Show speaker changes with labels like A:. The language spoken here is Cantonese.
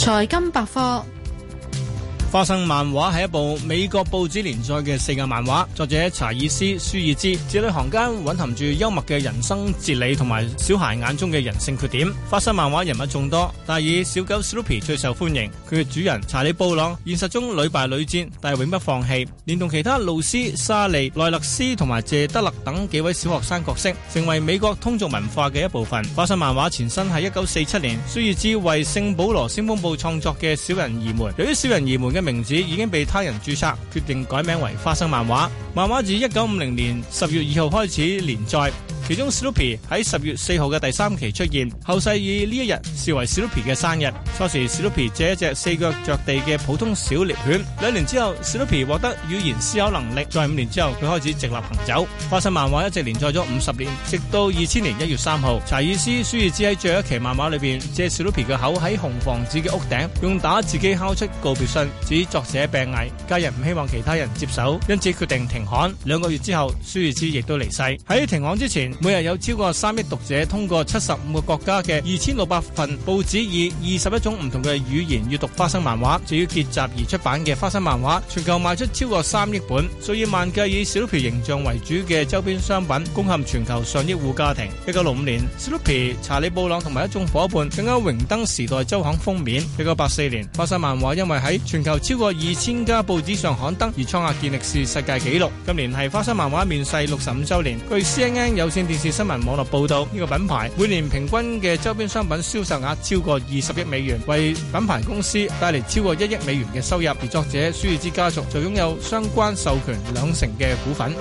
A: 財金百科。花生漫畫係一部美國報紙連載嘅四格漫畫，作者查爾斯舒爾茲，字裡行間蘊含住幽默嘅人生哲理同埋小孩眼中嘅人性缺點。花生漫畫人物眾多，但以小狗 Snoopy 最受歡迎。佢嘅主人查理布朗，現實中屢敗屢戰，但係永不放棄，連同其他露絲、沙莉、奈勒斯同埋謝德勒等幾位小學生角色，成為美國通俗文化嘅一部分。花生漫畫前身係一九四七年舒爾茲為《聖保羅先鋒報》創作嘅《小人兒們》，由於《小人兒們》嘅名字已經被他人注冊，決定改名為花生漫畫。漫畫自一九五零年十月二號開始連載。其中，Snoopy 喺十月四號嘅第三期出現，後世以呢一日視為 Snoopy 嘅生日。初時，Snoopy 只一隻四腳着地嘅普通小獵犬。兩年之後，Snoopy 獲得語言思考能力。再五年之後，佢開始直立行走。花生漫畫一直連載咗五十年，直到二千年一月三號，查爾斯舒爾茲喺最後一期漫畫裏邊借 Snoopy 嘅口喺紅房子嘅屋頂用打字機敲出告別信，指作者病危，家人唔希望其他人接手，因此決定停刊。兩個月之後，舒爾茲亦都離世。喺停刊之前，每日有超過三億讀者通過七十五個國家嘅二千六百份報紙，以二十一種唔同嘅語言閱讀花生漫畫。至於結集而出版嘅花生漫畫，全球賣出超過三億本。數以萬計以史諾比形象為主嘅周邊商品，攻陷全球上億戶家庭。一九六五年，史諾比、查理布朗同埋一眾夥伴更加榮登時代周刊封面。一九八四年，花生漫畫因為喺全球超過二千家報紙上刊登而創下健力士世界紀錄。今年係花生漫畫面世六十五週年。據 CNN 有電視新聞網絡報道，呢個品牌每年平均嘅周邊商品銷售額超過二十億美元，為品牌公司帶嚟超過一億美元嘅收入，而作者舒爾茲家族就擁有相關授權兩成嘅股份。